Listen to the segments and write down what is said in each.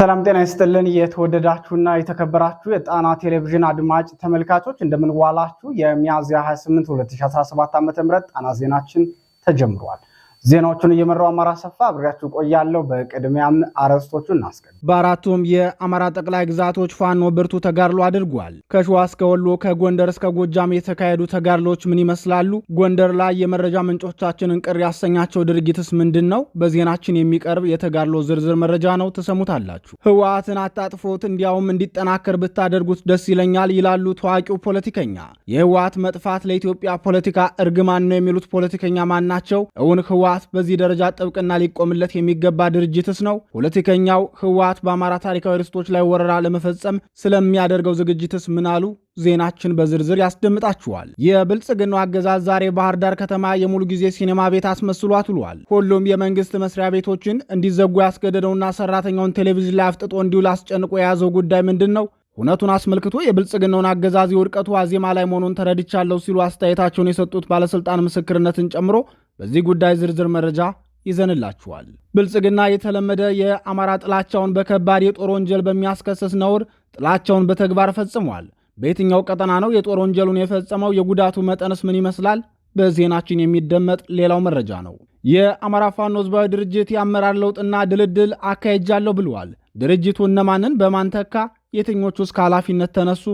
ሰላም ጤና ይስጥልን። የተወደዳችሁና የተከበራችሁ የጣና ቴሌቪዥን አድማጭ ተመልካቾች እንደምንዋላችሁ። የሚያዝያ 28 2017 ዓ.ም ጣና ዜናችን ተጀምሯል። ዜናዎቹን እየመራው አማራ ሰፋ አብሬያችሁ ቆያለሁ። በቅድሚያም አርዕስቶቹን እናስቀድም። በአራቱም የአማራ ጠቅላይ ግዛቶች ፋኖ ብርቱ ተጋድሎ አድርጓል። ከሸዋ እስከ ወሎ፣ ከጎንደር እስከ ጎጃም የተካሄዱ ተጋድሎች ምን ይመስላሉ? ጎንደር ላይ የመረጃ ምንጮቻችንን ቅር ያሰኛቸው ድርጊትስ ምንድን ነው? በዜናችን የሚቀርብ የተጋድሎ ዝርዝር መረጃ ነው፣ ተሰሙታላችሁ። ህወሓትን አጣጥፎት እንዲያውም እንዲጠናከር ብታደርጉት ደስ ይለኛል ይላሉ ታዋቂው ፖለቲከኛ። የህወሓት መጥፋት ለኢትዮጵያ ፖለቲካ እርግማን ነው የሚሉት ፖለቲከኛ ማን ናቸው? እውን ህወሓት በዚህ ደረጃ ጥብቅና ሊቆምለት የሚገባ ድርጅትስ ነው? ፖለቲከኛው ህወሓት በአማራ ታሪካዊ ርስቶች ላይ ወረራ ለመፈጸም ስለሚያደርገው ዝግጅትስ ምን አሉ? ዜናችን በዝርዝር ያስደምጣችኋል። የብልጽግናው አገዛዝ ዛሬ ባህር ዳር ከተማ የሙሉ ጊዜ ሲኔማ ቤት አስመስሎ አትሏል። ሁሉም የመንግስት መስሪያ ቤቶችን እንዲዘጉ ያስገደደውና ሰራተኛውን ቴሌቪዥን ላይ አፍጥጦ እንዲውል አስጨንቆ የያዘው ጉዳይ ምንድን ነው? እውነቱን አስመልክቶ የብልጽግናውን አገዛዝ የውድቀቱ ዋዜማ ላይ መሆኑን ተረድቻለሁ ሲሉ አስተያየታቸውን የሰጡት ባለስልጣን ምስክርነትን ጨምሮ በዚህ ጉዳይ ዝርዝር መረጃ ይዘንላችኋል። ብልጽግና የተለመደ የአማራ ጥላቻውን በከባድ የጦር ወንጀል በሚያስከስስ ነውር ጥላቻውን በተግባር ፈጽሟል። በየትኛው ቀጠና ነው የጦር ወንጀሉን የፈጸመው? የጉዳቱ መጠንስ ምን ይመስላል? በዜናችን የሚደመጥ ሌላው መረጃ ነው። የአማራ ፋኖ ህዝባዊ ድርጅት የአመራር ለውጥና ድልድል አካሄጃለሁ ብለዋል። ድርጅቱ እነማንን በማንተካ የትኞቹ እስከ ኃላፊነት ተነሱ?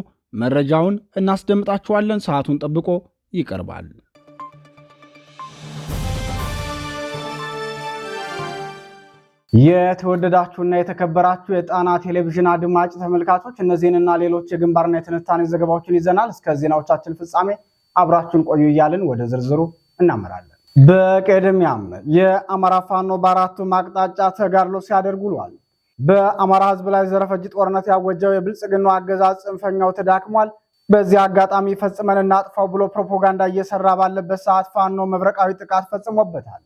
መረጃውን እናስደምጣችኋለን። ሰዓቱን ጠብቆ ይቀርባል። የተወደዳችሁና የተከበራችሁ የጣና ቴሌቪዥን አድማጭ ተመልካቾች እነዚህንና ሌሎች የግንባርና የትንታኔ ዘገባዎችን ይዘናል። እስከ ዜናዎቻችን ፍጻሜ አብራችሁን ቆዩ እያልን ወደ ዝርዝሩ እናመራለን። በቅድሚያም የአማራ ፋኖ በአራቱ አቅጣጫ ተጋድሎ ሲያደርጉ ውሏል። በአማራ ሕዝብ ላይ ዘረፈጅ ጦርነት ያወጀው የብልጽግናው አገዛዝ ጽንፈኛው ተዳክሟል። በዚህ አጋጣሚ ፈጽመን እናጥፋው ብሎ ፕሮፓጋንዳ እየሰራ ባለበት ሰዓት ፋኖ መብረቃዊ ጥቃት ፈጽሞበታል።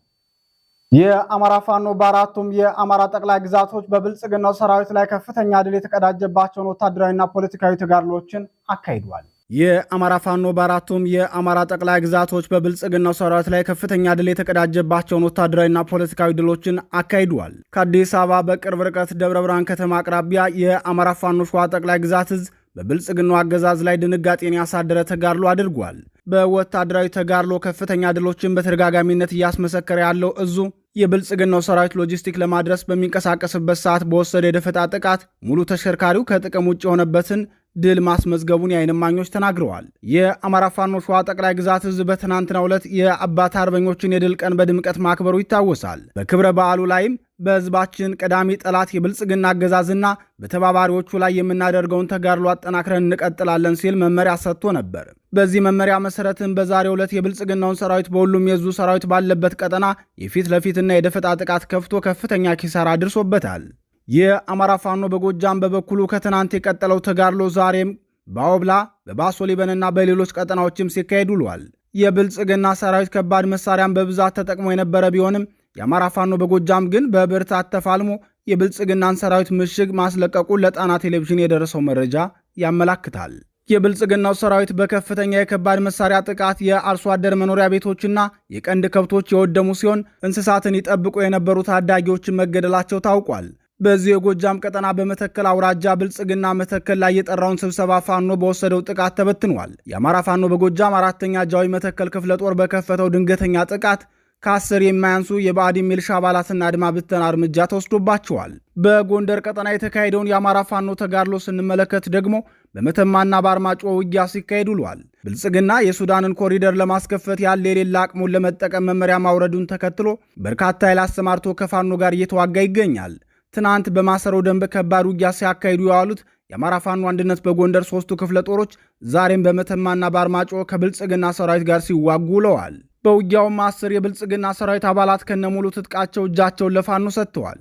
የአማራ ፋኖ በአራቱም የአማራ ጠቅላይ ግዛቶች በብልጽግናው ሰራዊት ላይ ከፍተኛ ድል የተቀዳጀባቸውን ወታደራዊና ፖለቲካዊ ተጋድሎችን አካሂዷል። የአማራ ፋኖ በአራቱም የአማራ ጠቅላይ ግዛቶች በብልጽግናው ሰራዊት ላይ ከፍተኛ ድል የተቀዳጀባቸውን ወታደራዊና ፖለቲካዊ ድሎችን አካሂደዋል። ከአዲስ አበባ በቅርብ ርቀት ደብረ ብርሃን ከተማ አቅራቢያ የአማራ ፋኖ ሸዋ ጠቅላይ ግዛት እዝ በብልጽግናው አገዛዝ ላይ ድንጋጤን ያሳደረ ተጋድሎ አድርጓል። በወታደራዊ ተጋድሎ ከፍተኛ ድሎችን በተደጋጋሚነት እያስመሰከረ ያለው እዙ የብልጽግናው ሰራዊት ሎጂስቲክ ለማድረስ በሚንቀሳቀስበት ሰዓት በወሰደ የደፈጣ ጥቃት ሙሉ ተሽከርካሪው ከጥቅም ውጭ የሆነበትን ድል ማስመዝገቡን የአይን እማኞች ተናግረዋል። የአማራ ፋኖ ሸዋ ጠቅላይ ግዛት ህዝብ በትናንትናው ዕለት የአባት አርበኞችን የድል ቀን በድምቀት ማክበሩ ይታወሳል። በክብረ በዓሉ ላይም በህዝባችን ቀዳሚ ጠላት የብልጽግና አገዛዝና በተባባሪዎቹ ላይ የምናደርገውን ተጋድሎ አጠናክረን እንቀጥላለን ሲል መመሪያ ሰጥቶ ነበር። በዚህ መመሪያ መሰረትም በዛሬው ዕለት የብልጽግናውን ሰራዊት በሁሉም የዙ ሰራዊት ባለበት ቀጠና የፊት ለፊትና የደፈጣ ጥቃት ከፍቶ ከፍተኛ ኪሳራ አድርሶበታል። የአማራ ፋኖ በጎጃም በበኩሉ ከትናንት የቀጠለው ተጋድሎ ዛሬም በአውብላ በባሶ ሊበንና በሌሎች ቀጠናዎችም ሲካሄድ ውሏል። የብልጽግና ሰራዊት ከባድ መሳሪያን በብዛት ተጠቅሞ የነበረ ቢሆንም የአማራ ፋኖ በጎጃም ግን በብርታት ተፋልሞ የብልጽግናን ሰራዊት ምሽግ ማስለቀቁን ለጣና ቴሌቪዥን የደረሰው መረጃ ያመላክታል። የብልጽግናው ሰራዊት በከፍተኛ የከባድ መሳሪያ ጥቃት የአርሶ አደር መኖሪያ ቤቶችና የቀንድ ከብቶች የወደሙ ሲሆን እንስሳትን ይጠብቁ የነበሩ ታዳጊዎችን መገደላቸው ታውቋል። በዚህ የጎጃም ቀጠና በመተከል አውራጃ ብልጽግና መተከል ላይ የጠራውን ስብሰባ ፋኖ በወሰደው ጥቃት ተበትኗል። የአማራ ፋኖ በጎጃም አራተኛ ጃዊ መተከል ክፍለ ጦር በከፈተው ድንገተኛ ጥቃት ከአስር የማያንሱ የባዕድ ሚልሻ አባላትና አድማ ብተና እርምጃ ተወስዶባቸዋል። በጎንደር ቀጠና የተካሄደውን የአማራ ፋኖ ተጋድሎ ስንመለከት ደግሞ በመተማና በአርማጮ ውጊያ ሲካሄድ ውሏል። ብልጽግና የሱዳንን ኮሪደር ለማስከፈት ያለ የሌላ አቅሙን ለመጠቀም መመሪያ ማውረዱን ተከትሎ በርካታ ኃይል አሰማርቶ ከፋኖ ጋር እየተዋጋ ይገኛል። ትናንት በማሰሮ ደንብ ከባድ ውጊያ ሲያካሂዱ የዋሉት የአማራ ፋኖ አንድነት በጎንደር ሶስቱ ክፍለ ጦሮች ዛሬም በመተማና በአርማጮ ከብልጽግና ሰራዊት ጋር ሲዋጉ ውለዋል። በውጊያውም አስር የብልጽግና ሰራዊት አባላት ከነሙሉ ትጥቃቸው እጃቸውን ለፋኖ ሰጥተዋል።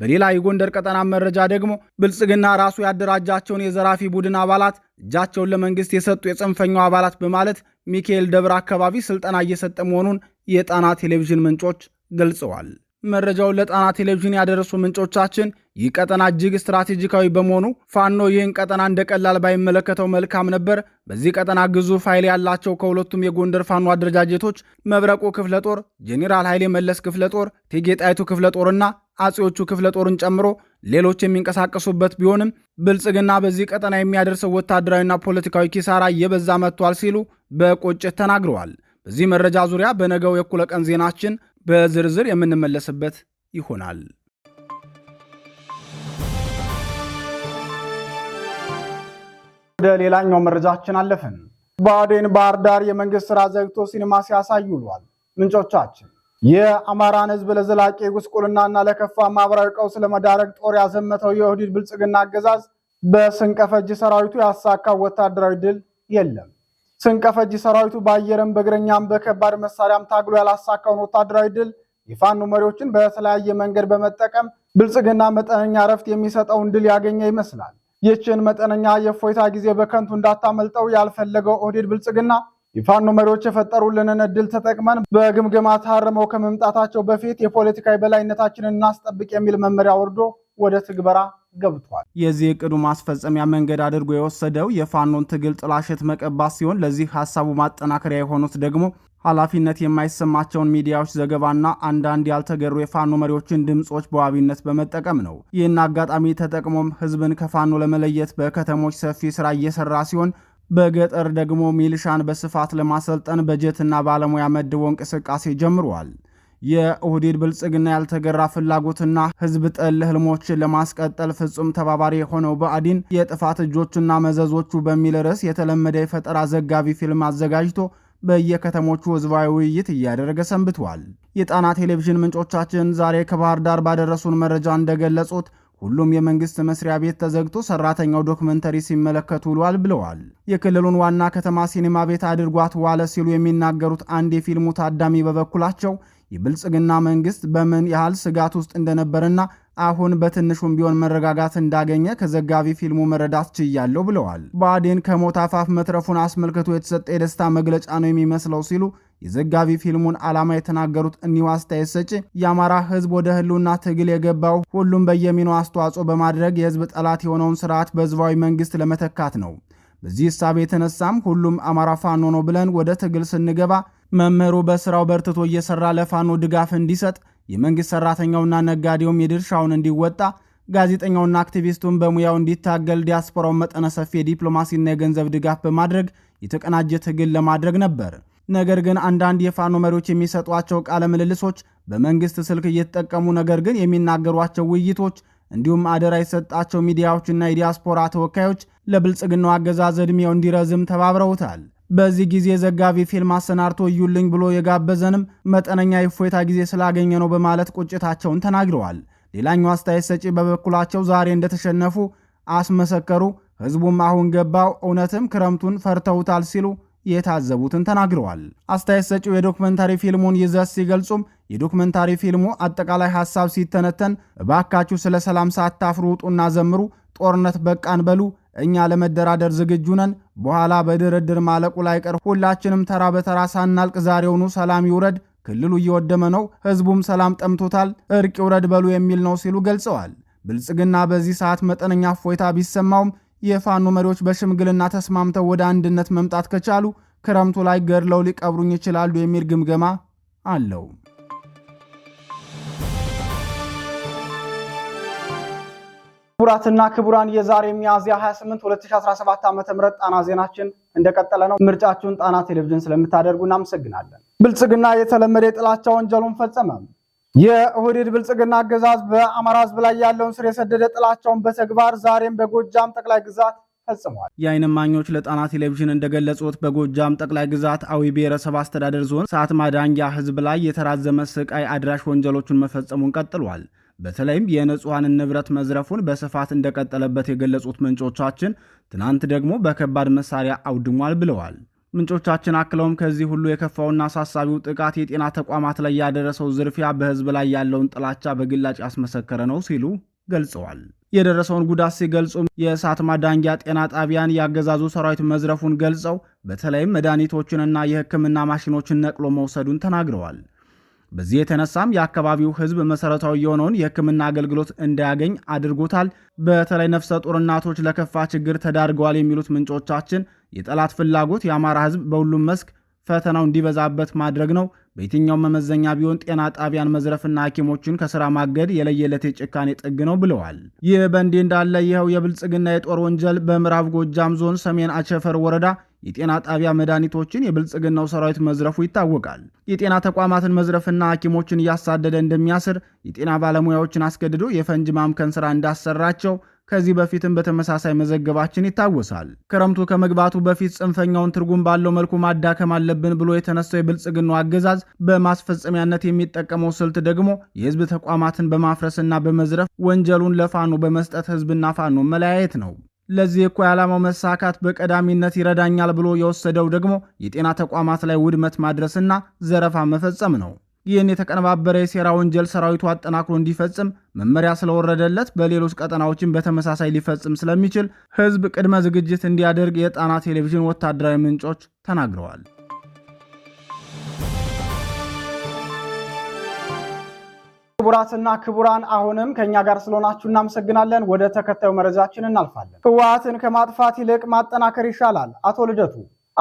በሌላ የጎንደር ቀጠና መረጃ ደግሞ ብልጽግና ራሱ ያደራጃቸውን የዘራፊ ቡድን አባላት እጃቸውን ለመንግስት የሰጡ የጽንፈኛው አባላት በማለት ሚካኤል ደብረ አካባቢ ስልጠና እየሰጠ መሆኑን የጣና ቴሌቪዥን ምንጮች ገልጸዋል። መረጃውን ለጣና ቴሌቪዥን ያደረሱ ምንጮቻችን ይህ ቀጠና እጅግ ስትራቴጂካዊ በመሆኑ ፋኖ ይህን ቀጠና እንደ ቀላል ባይመለከተው መልካም ነበር። በዚህ ቀጠና ግዙፍ ኃይል ያላቸው ከሁለቱም የጎንደር ፋኖ አደረጃጀቶች መብረቁ ክፍለ ጦር፣ ጄኔራል ኃይሌ መለስ ክፍለ ጦር፣ እቴጌ ጣይቱ ክፍለ ጦርና አጼዎቹ ክፍለ ጦርን ጨምሮ ሌሎች የሚንቀሳቀሱበት ቢሆንም ብልጽግና በዚህ ቀጠና የሚያደርሰው ወታደራዊና ፖለቲካዊ ኪሳራ እየበዛ መጥቷል ሲሉ በቆጭት ተናግረዋል። በዚህ መረጃ ዙሪያ በነገው የእኩለ ቀን ዜናችን በዝርዝር የምንመለስበት ይሆናል። ወደ ሌላኛው መረጃችን አለፍን። ብአዴን ባህር ዳር የመንግስት ስራ ዘግቶ ሲኒማ ሲያሳይ ውሏል። ምንጮቻችን የአማራን ህዝብ ለዘላቂ ጉስቁልናና ለከፋ ማህበራዊ ቀውስ ለመዳረግ ጦር ያዘመተው የኦህዴድ ብልጽግና አገዛዝ በስንቀፈጅ ሰራዊቱ ያሳካው ወታደራዊ ድል የለም። ስንቀፈጅ ሰራዊቱ በአየርም በእግረኛም በከባድ መሳሪያም ታግሎ ያላሳካውን ወታደራዊ ድል የፋኖ መሪዎችን በተለያየ መንገድ በመጠቀም ብልጽግና መጠነኛ እረፍት የሚሰጠውን ድል ያገኘ ይመስላል። ይህችን መጠነኛ የእፎይታ ጊዜ በከንቱ እንዳታመልጠው ያልፈለገው ኦህዴድ ብልጽግና የፋኖ መሪዎች የፈጠሩልንን እድል ተጠቅመን በግምገማ ታርመው ከመምጣታቸው በፊት የፖለቲካዊ በላይነታችንን እናስጠብቅ የሚል መመሪያ ወርዶ ወደ ትግበራ ገብቷል። የዚህ እቅዱ ማስፈጸሚያ መንገድ አድርጎ የወሰደው የፋኖን ትግል ጥላሸት መቀባት ሲሆን ለዚህ ሀሳቡ ማጠናከሪያ የሆኑት ደግሞ ኃላፊነት የማይሰማቸውን ሚዲያዎች ዘገባና አንዳንድ ያልተገሩ የፋኖ መሪዎችን ድምፆች በዋቢነት በመጠቀም ነው። ይህን አጋጣሚ ተጠቅሞም ህዝብን ከፋኖ ለመለየት በከተሞች ሰፊ ስራ እየሰራ ሲሆን በገጠር ደግሞ ሚልሻን በስፋት ለማሰልጠን በጀትና ባለሙያ መድቦ እንቅስቃሴ ጀምሯል። የኦህዴድ ብልጽግና ያልተገራ ፍላጎትና ህዝብ ጠል ህልሞችን ለማስቀጠል ፍጹም ተባባሪ የሆነው ብአዴን የጥፋት እጆቹና መዘዞቹ በሚል ርዕስ የተለመደ የፈጠራ ዘጋቢ ፊልም አዘጋጅቶ በየከተሞቹ ህዝባዊ ውይይት እያደረገ ሰንብተዋል። የጣና ቴሌቪዥን ምንጮቻችን ዛሬ ከባህር ዳር ባደረሱን መረጃ እንደገለጹት ሁሉም የመንግስት መስሪያ ቤት ተዘግቶ ሰራተኛው ዶክመንተሪ ሲመለከት ውሏል ብለዋል። የክልሉን ዋና ከተማ ሲኒማ ቤት አድርጓት ዋለ ሲሉ የሚናገሩት አንድ የፊልሙ ታዳሚ በበኩላቸው የብልጽግና መንግስት በምን ያህል ስጋት ውስጥ እንደነበርና አሁን በትንሹም ቢሆን መረጋጋት እንዳገኘ ከዘጋቢ ፊልሙ መረዳት ችያለሁ ብለዋል። ብአዴን ከሞት አፋፍ መትረፉን አስመልክቶ የተሰጠ የደስታ መግለጫ ነው የሚመስለው ሲሉ የዘጋቢ ፊልሙን ዓላማ የተናገሩት እኒሁ አስተያየት ሰጪ የአማራ ህዝብ ወደ ህልውና ትግል የገባው ሁሉም በየሚናው አስተዋጽኦ በማድረግ የህዝብ ጠላት የሆነውን ስርዓት በህዝባዊ መንግስት ለመተካት ነው። በዚህ ሳብ የተነሳም ሁሉም አማራ ፋኖ ነው ብለን ወደ ትግል ስንገባ መምህሩ በስራው በርትቶ እየሰራ ለፋኖ ድጋፍ እንዲሰጥ፣ የመንግስት ሰራተኛውና ነጋዴውም የድርሻውን እንዲወጣ፣ ጋዜጠኛውና አክቲቪስቱን በሙያው እንዲታገል፣ ዲያስፖራውን መጠነ ሰፊ የዲፕሎማሲና የገንዘብ ድጋፍ በማድረግ የተቀናጀ ትግል ለማድረግ ነበር። ነገር ግን አንዳንድ የፋኖ መሪዎች የሚሰጧቸው ቃለ ምልልሶች ስልክ እየተጠቀሙ ነገር ግን የሚናገሯቸው ውይይቶች እንዲሁም አደራ የተሰጣቸው ሚዲያዎችና የዲያስፖራ ተወካዮች ለብልጽግናው አገዛዝ ዕድሜው እንዲረዝም ተባብረውታል። በዚህ ጊዜ ዘጋቢ ፊልም አሰናድቶ እዩልኝ ብሎ የጋበዘንም መጠነኛ የእፎይታ ጊዜ ስላገኘ ነው በማለት ቁጭታቸውን ተናግረዋል። ሌላኛው አስተያየት ሰጪ በበኩላቸው ዛሬ እንደተሸነፉ አስመሰከሩ፣ ህዝቡም አሁን ገባው፣ እውነትም ክረምቱን ፈርተውታል ሲሉ የታዘቡትን ተናግረዋል። አስተያየት ሰጪው የዶክመንታሪ ፊልሙን ይዘት ሲገልጹም የዶክመንታሪ ፊልሙ አጠቃላይ ሐሳብ ሲተነተን እባካችሁ ስለ ሰላም ሳታፍሩ ውጡና ዘምሩ፣ ጦርነት በቃን በሉ እኛ ለመደራደር ዝግጁ ነን። በኋላ በድርድር ማለቁ ላይ ቀር ሁላችንም ተራ በተራ ሳናልቅ ዛሬውኑ ሰላም ይውረድ። ክልሉ እየወደመ ነው፣ ህዝቡም ሰላም ጠምቶታል። እርቅ ይውረድ በሉ የሚል ነው ሲሉ ገልጸዋል። ብልጽግና በዚህ ሰዓት መጠነኛ እፎይታ ቢሰማውም የፋኖ መሪዎች በሽምግልና ተስማምተው ወደ አንድነት መምጣት ከቻሉ ክረምቱ ላይ ገድለው ሊቀብሩኝ ይችላሉ የሚል ግምገማ አለው። ክቡራትና ክቡራን የዛሬ ሚያዝያ 28 2017 ዓ.ም ጣና ዜናችን እንደቀጠለ ነው። ምርጫችሁን ጣና ቴሌቪዥን ስለምታደርጉ እናመሰግናለን። ብልጽግና የተለመደ የጥላቻ ወንጀሉን ፈጸመ። የኦህዴድ ብልጽግና አገዛዝ በአማራ ህዝብ ላይ ያለውን ስር የሰደደ ጥላቻውን በተግባር ዛሬም በጎጃም ጠቅላይ ግዛት ፈጽሟል። የዓይን እማኞች ለጣና ቴሌቪዥን እንደገለጹት በጎጃም ጠቅላይ ግዛት አዊ ብሔረሰብ አስተዳደር ዞን ሰዓት ማዳንጊያ ህዝብ ላይ የተራዘመ ስቃይ አድራሽ ወንጀሎችን መፈጸሙን ቀጥሏል። በተለይም የንጹሐንን ንብረት መዝረፉን በስፋት እንደቀጠለበት የገለጹት ምንጮቻችን ትናንት ደግሞ በከባድ መሳሪያ አውድሟል ብለዋል። ምንጮቻችን አክለውም ከዚህ ሁሉ የከፋውና አሳሳቢው ጥቃት የጤና ተቋማት ላይ ያደረሰው ዝርፊያ በህዝብ ላይ ያለውን ጥላቻ በግላጭ ያስመሰከረ ነው ሲሉ ገልጸዋል። የደረሰውን ጉዳት ሲገልጹም የእሳት ማዳንጊያ ጤና ጣቢያን ያገዛዙ ሰራዊት መዝረፉን ገልጸው በተለይም መድኃኒቶችንና የሕክምና ማሽኖችን ነቅሎ መውሰዱን ተናግረዋል። በዚህ የተነሳም የአካባቢው ህዝብ መሰረታዊ የሆነውን የሕክምና አገልግሎት እንዳያገኝ አድርጎታል። በተለይ ነፍሰ ጡር እናቶች ለከፋ ችግር ተዳርገዋል የሚሉት ምንጮቻችን የጠላት ፍላጎት የአማራ ህዝብ በሁሉም መስክ ፈተናው እንዲበዛበት ማድረግ ነው። በየትኛውም መመዘኛ ቢሆን ጤና ጣቢያን መዝረፍና ሐኪሞችን ከስራ ማገድ የለየለት የጭካኔ ጥግ ነው ብለዋል። ይህ በእንዲህ እንዳለ ይኸው የብልጽግና የጦር ወንጀል በምዕራብ ጎጃም ዞን ሰሜን አቸፈር ወረዳ የጤና ጣቢያ መድኃኒቶችን የብልጽግናው ሰራዊት መዝረፉ ይታወቃል። የጤና ተቋማትን መዝረፍና ሐኪሞችን እያሳደደ እንደሚያስር፣ የጤና ባለሙያዎችን አስገድዶ የፈንጅ ማምከን ስራ እንዳሰራቸው ከዚህ በፊትም በተመሳሳይ መዘገባችን ይታወሳል። ክረምቱ ከመግባቱ በፊት ጽንፈኛውን ትርጉም ባለው መልኩ ማዳከም አለብን ብሎ የተነሳው የብልጽግናው አገዛዝ በማስፈጸሚያነት የሚጠቀመው ስልት ደግሞ የህዝብ ተቋማትን በማፍረስና በመዝረፍ ወንጀሉን ለፋኖ በመስጠት ህዝብና ፋኖ መለያየት ነው። ለዚህ እኮ የዓላማው መሳካት በቀዳሚነት ይረዳኛል ብሎ የወሰደው ደግሞ የጤና ተቋማት ላይ ውድመት ማድረስና ዘረፋ መፈጸም ነው። ይህን የተቀነባበረ የሴራ ወንጀል ሰራዊቱ አጠናክሮ እንዲፈጽም መመሪያ ስለወረደለት በሌሎች ቀጠናዎችን በተመሳሳይ ሊፈጽም ስለሚችል ህዝብ ቅድመ ዝግጅት እንዲያደርግ የጣና ቴሌቪዥን ወታደራዊ ምንጮች ተናግረዋል። ክቡራትና ክቡራን አሁንም ከእኛ ጋር ስለሆናችሁ እናመሰግናለን። ወደ ተከታዩ መረጃችን እናልፋለን። ህወሓትን ከማጥፋት ይልቅ ማጠናከር ይሻላል። አቶ ልደቱ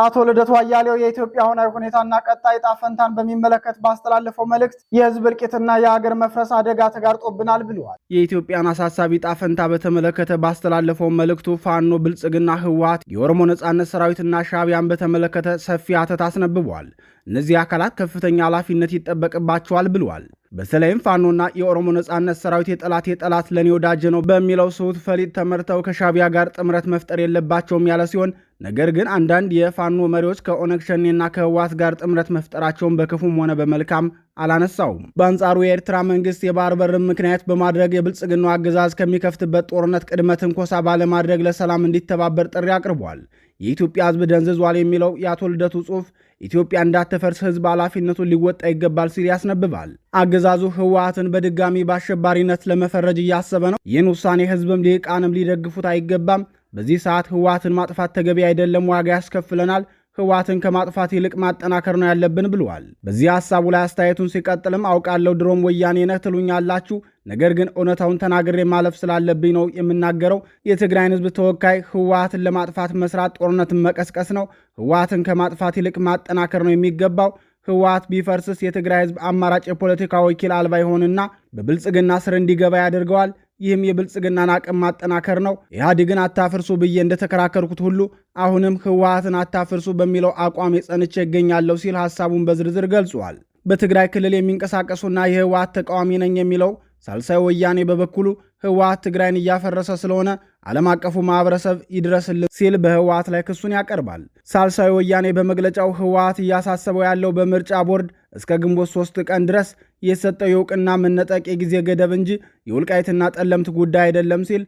አቶ ልደቱ አያሌው የኢትዮጵያ አሁናዊ ሁኔታና ቀጣይ ዕጣ ፈንታን በሚመለከት ባስተላለፈው መልእክት የህዝብ እልቂትና የሀገር መፍረስ አደጋ ተጋርጦብናል ብለዋል። የኢትዮጵያን አሳሳቢ ዕጣ ፈንታ በተመለከተ ባስተላለፈው መልእክቱ ፋኖ፣ ብልጽግና፣ ህወሓት፣ የኦሮሞ ነጻነት ሰራዊትና ሻቢያን በተመለከተ ሰፊ አተት አስነብቧል። እነዚህ አካላት ከፍተኛ ኃላፊነት ይጠበቅባቸዋል ብለዋል። በተለይም ፋኖና የኦሮሞ ነጻነት ሰራዊት የጠላት የጠላት ለኔ ወዳጅ ነው በሚለው ስሁት ፈሊጥ ተመርተው ከሻቢያ ጋር ጥምረት መፍጠር የለባቸውም ያለ ሲሆን ነገር ግን አንዳንድ የፋኖ መሪዎች ከኦነግ ሸኔና ከህዋት ጋር ጥምረት መፍጠራቸውን በክፉም ሆነ በመልካም አላነሳውም። በአንጻሩ የኤርትራ መንግስት የባህር በር ምክንያት በማድረግ የብልጽግናው አገዛዝ ከሚከፍትበት ጦርነት ቅድመ ትንኮሳ ባለማድረግ ለሰላም እንዲተባበር ጥሪ አቅርቧል። የኢትዮጵያ ህዝብ ደንዝዟል የሚለው የአቶ ልደቱ ጽሑፍ ኢትዮጵያ እንዳትፈርስ ህዝብ ኃላፊነቱን ሊወጣ ይገባል ሲል ያስነብባል። አገዛዙ ህወሓትን በድጋሚ በአሸባሪነት ለመፈረጅ እያሰበ ነው። ይህን ውሳኔ ህዝብም ሊቃንም ሊደግፉት አይገባም። በዚህ ሰዓት ህወሓትን ማጥፋት ተገቢ አይደለም፣ ዋጋ ያስከፍለናል ህወሓትን ከማጥፋት ይልቅ ማጠናከር ነው ያለብን ብለዋል። በዚህ ሐሳቡ ላይ አስተያየቱን ሲቀጥልም አውቃለሁ ድሮም ወያኔ ነህ ትሉኛላችሁ፣ ነገር ግን እውነታውን ተናግሬ ማለፍ ስላለብኝ ነው የምናገረው። የትግራይን ህዝብ ተወካይ ህወሓትን ለማጥፋት መስራት ጦርነትን መቀስቀስ ነው። ህወሓትን ከማጥፋት ይልቅ ማጠናከር ነው የሚገባው። ህወሓት ቢፈርስስ የትግራይ ህዝብ አማራጭ የፖለቲካ ወኪል አልባ ይሆንና በብልጽግና ስር እንዲገባ ያደርገዋል። ይህም የብልጽግናን አቅም ማጠናከር ነው። ኢህአዴግን አታፍርሱ ብዬ እንደተከራከርኩት ሁሉ አሁንም ህወሀትን አታፍርሱ በሚለው አቋም የጸንቼ እገኛለሁ ሲል ሐሳቡን በዝርዝር ገልጿል። በትግራይ ክልል የሚንቀሳቀሱና የህወሀት ተቃዋሚ ነኝ የሚለው ሳልሳይ ወያኔ በበኩሉ ህወሀት ትግራይን እያፈረሰ ስለሆነ ዓለም አቀፉ ማህበረሰብ ይድረስልን ሲል በህወሀት ላይ ክሱን ያቀርባል። ሳልሳይ ወያኔ በመግለጫው ህወሀት እያሳሰበው ያለው በምርጫ ቦርድ እስከ ግንቦት ሶስት ቀን ድረስ የተሰጠው የእውቅና መነጠቅ የጊዜ ገደብ እንጂ የውልቃይትና ጠለምት ጉዳይ አይደለም ሲል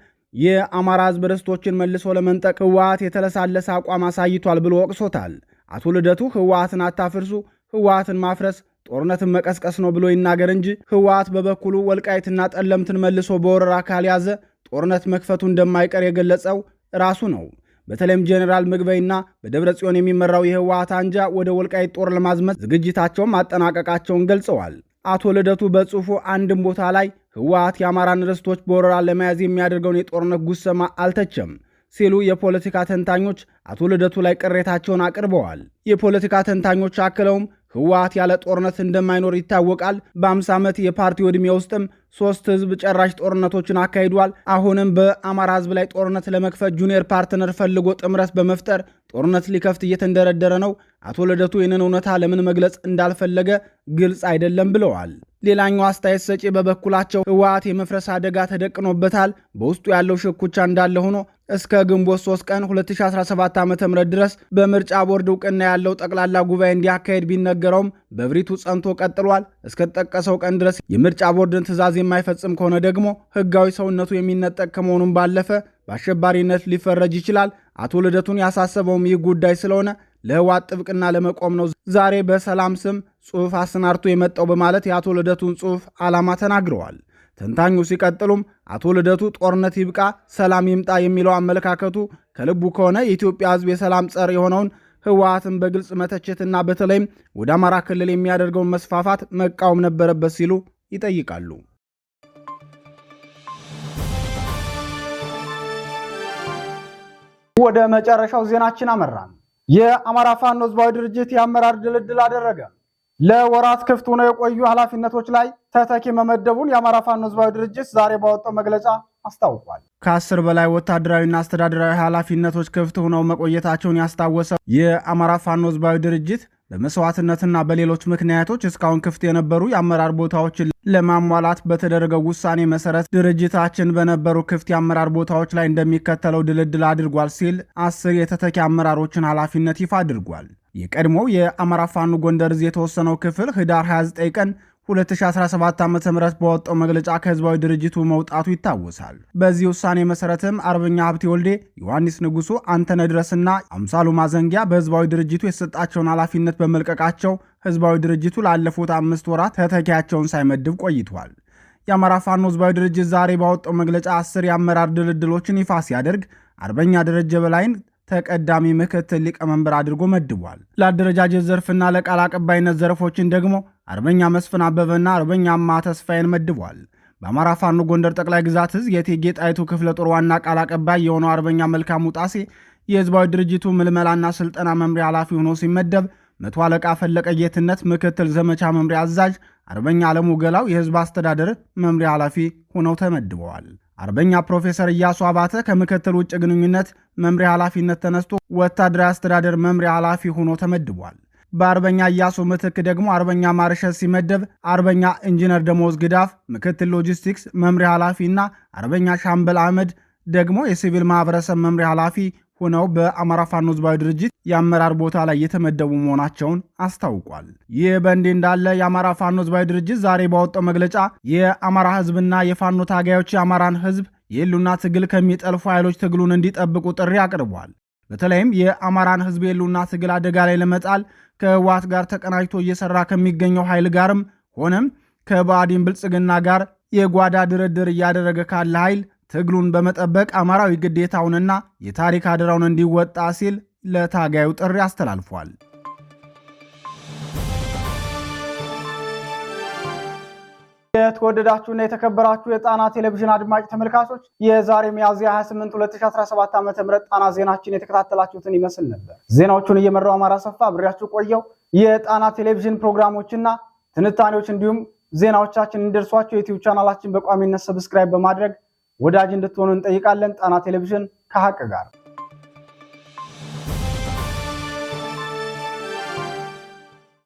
የአማራ ሕዝብ ርስቶችን መልሶ ለመንጠቅ ህወሓት የተለሳለሰ አቋም አሳይቷል ብሎ ወቅሶታል። አቶ ልደቱ ህወሓትን አታፍርሱ፣ ህወሓትን ማፍረስ ጦርነትን መቀስቀስ ነው ብሎ ይናገር እንጂ ህወሓት በበኩሉ ወልቃይትና ጠለምትን መልሶ በወረራ ካልያዘ ጦርነት መክፈቱ እንደማይቀር የገለጸው ራሱ ነው። በተለይም ጄኔራል ምግበይና በደብረ ጽዮን የሚመራው የህወሀት አንጃ ወደ ወልቃይት ጦር ለማዝመት ዝግጅታቸውን ማጠናቀቃቸውን ገልጸዋል። አቶ ልደቱ በጽሑፉ አንድም ቦታ ላይ ህወሀት የአማራን ርስቶች በወረራ ለመያዝ የሚያደርገውን የጦርነት ጉሰማ አልተቸም ሲሉ የፖለቲካ ተንታኞች አቶ ልደቱ ላይ ቅሬታቸውን አቅርበዋል። የፖለቲካ ተንታኞች አክለውም ህወሀት ያለ ጦርነት እንደማይኖር ይታወቃል። በአምሳ ዓመት የፓርቲው ዕድሜ ውስጥም ሶስት ህዝብ ጨራሽ ጦርነቶችን አካሂዷል። አሁንም በአማራ ህዝብ ላይ ጦርነት ለመክፈት ጁኒየር ፓርትነር ፈልጎ ጥምረት በመፍጠር ጦርነት ሊከፍት እየተንደረደረ ነው። አቶ ልደቱ ይህንን እውነታ ለምን መግለጽ እንዳልፈለገ ግልጽ አይደለም ብለዋል። ሌላኛው አስተያየት ሰጪ በበኩላቸው ህወሓት የመፍረስ አደጋ ተደቅኖበታል፣ በውስጡ ያለው ሽኩቻ እንዳለ ሆኖ እስከ ግንቦት 3 ቀን 2017 ዓ ም ድረስ በምርጫ ቦርድ እውቅና ያለው ጠቅላላ ጉባኤ እንዲያካሄድ ቢነገረውም በብሪቱ ጸንቶ ቀጥሏል። እስከተጠቀሰው ቀን ድረስ የምርጫ ቦርድን ትዕዛዝ የማይፈጽም ከሆነ ደግሞ ሕጋዊ ሰውነቱ የሚነጠቅ ከመሆኑም ባለፈ በአሸባሪነት ሊፈረጅ ይችላል። አቶ ልደቱን ያሳሰበውም ይህ ጉዳይ ስለሆነ ለህዋት ጥብቅና ለመቆም ነው ዛሬ በሰላም ስም ጽሑፍ አሰናድቶ የመጣው በማለት የአቶ ልደቱን ጽሑፍ ዓላማ ተናግረዋል። ተንታኙ ሲቀጥሉም አቶ ልደቱ ጦርነት ይብቃ፣ ሰላም ይምጣ የሚለው አመለካከቱ ከልቡ ከሆነ የኢትዮጵያ ሕዝብ የሰላም ጸር የሆነውን ህወሓትን በግልጽ መተቸትና በተለይም ወደ አማራ ክልል የሚያደርገውን መስፋፋት መቃወም ነበረበት ሲሉ ይጠይቃሉ። ወደ መጨረሻው ዜናችን አመራን። የአማራ ፋኖ ህዝባዊ ድርጅት የአመራር ድልድል አደረገ። ለወራት ክፍት ሆነው የቆዩ ኃላፊነቶች ላይ ተተኪ መመደቡን የአማራ ፋኖ ህዝባዊ ድርጅት ዛሬ ባወጣው መግለጫ አስታውቋል። ከአስር በላይ ወታደራዊና አስተዳደራዊ ኃላፊነቶች ክፍት ሆነው መቆየታቸውን ያስታወሰው የአማራ ፋኖ ህዝባዊ ድርጅት በመስዋዕትነትና በሌሎች ምክንያቶች እስካሁን ክፍት የነበሩ የአመራር ቦታዎችን ለማሟላት በተደረገው ውሳኔ መሰረት ድርጅታችን በነበሩ ክፍት የአመራር ቦታዎች ላይ እንደሚከተለው ድልድል አድርጓል ሲል አስር የተተኪ አመራሮችን ኃላፊነት ይፋ አድርጓል። የቀድሞው የአማራ ጎንደርዝ ጎንደር እዝ የተወሰነው ክፍል ህዳር 29 ቀን 2017 ዓ ም በወጣው መግለጫ ከህዝባዊ ድርጅቱ መውጣቱ ይታወሳል። በዚህ ውሳኔ መሰረትም አርበኛ ሀብቴ ወልዴ፣ ዮሐንስ ንጉሱ፣ አንተነ ድረስና አምሳሉ ማዘንጊያ በህዝባዊ ድርጅቱ የተሰጣቸውን ኃላፊነት በመልቀቃቸው ህዝባዊ ድርጅቱ ላለፉት አምስት ወራት ተተኪያቸውን ሳይመድብ ቆይቷል። የአማራ ፋኖ ህዝባዊ ድርጅት ዛሬ ባወጣው መግለጫ አስር የአመራር ድልድሎችን ይፋ ሲያደርግ አርበኛ ደረጀ በላይን ተቀዳሚ ምክትል ሊቀመንበር አድርጎ መድቧል። ለአደረጃጀት ዘርፍና ለቃል አቀባይነት ዘርፎችን ደግሞ አርበኛ መስፍን አበበና አርበኛ ማ ተስፋዬን መድቧል። በአማራ ፋኖ ጎንደር ጠቅላይ ግዛት እዝ የእቴጌ ጣይቱ ክፍለ ጦር ዋና ቃል አቀባይ የሆነው አርበኛ መልካሙ ጣሴ የህዝባዊ ድርጅቱ ምልመላና ስልጠና መምሪያ ኃላፊ ሆኖ ሲመደብ መቶ አለቃ ፈለቀ ጌትነት ምክትል ዘመቻ መምሪያ አዛዥ፣ አርበኛ አለሙ ገላው የህዝብ አስተዳደር መምሪያ ኃላፊ ሆነው ተመድበዋል። አርበኛ ፕሮፌሰር እያሱ አባተ ከምክትል ውጭ ግንኙነት መምሪያ ኃላፊነት ተነስቶ ወታደራዊ አስተዳደር መምሪያ ኃላፊ ሆኖ ተመድቧል። በአርበኛ እያሱ ምትክ ደግሞ አርበኛ ማርሸት ሲመደብ አርበኛ ኢንጂነር ደሞዝ ግዳፍ ምክትል ሎጂስቲክስ መምሪያ ኃላፊና አርበኛ ሻምበል አህመድ ደግሞ የሲቪል ማህበረሰብ መምሪያ ኃላፊ ሆነው በአማራ ፋኖ ህዝባዊ ድርጅት የአመራር ቦታ ላይ የተመደቡ መሆናቸውን አስታውቋል። ይህ በእንዲህ እንዳለ የአማራ ፋኖ ህዝባዊ ድርጅት ዛሬ ባወጣው መግለጫ የአማራ ህዝብና የፋኖ ታጋዮች የአማራን ህዝብ የህልውና ትግል ከሚጠልፉ ኃይሎች ትግሉን እንዲጠብቁ ጥሪ አቅርቧል። በተለይም የአማራን ህዝብ የህልውና ትግል አደጋ ላይ ለመጣል ከህወሓት ጋር ተቀናጅቶ እየሰራ ከሚገኘው ኃይል ጋርም ሆነም ከባዕዲን ብልጽግና ጋር የጓዳ ድርድር እያደረገ ካለ ኃይል ትግሉን በመጠበቅ አማራዊ ግዴታውንና የታሪክ አደራውን እንዲወጣ ሲል ለታጋዩ ጥሪ አስተላልፏል። የተወደዳችሁና የተከበራችሁ የጣና ቴሌቪዥን አድማጭ ተመልካቾች የዛሬ ሚያዝያ 28 2017 ዓ ም ጣና ዜናችን የተከታተላችሁትን ይመስል ነበር። ዜናዎቹን እየመራው አማራ ሰፋ አብሬያችሁ ቆየው። የጣና ቴሌቪዥን ፕሮግራሞችና ትንታኔዎች እንዲሁም ዜናዎቻችን እንዲደርሷቸው የዩቲዩብ ቻናላችን በቋሚነት ሰብስክራይብ በማድረግ ወዳጅ እንድትሆኑ እንጠይቃለን። ጣና ቴሌቪዥን ከሀቅ ጋር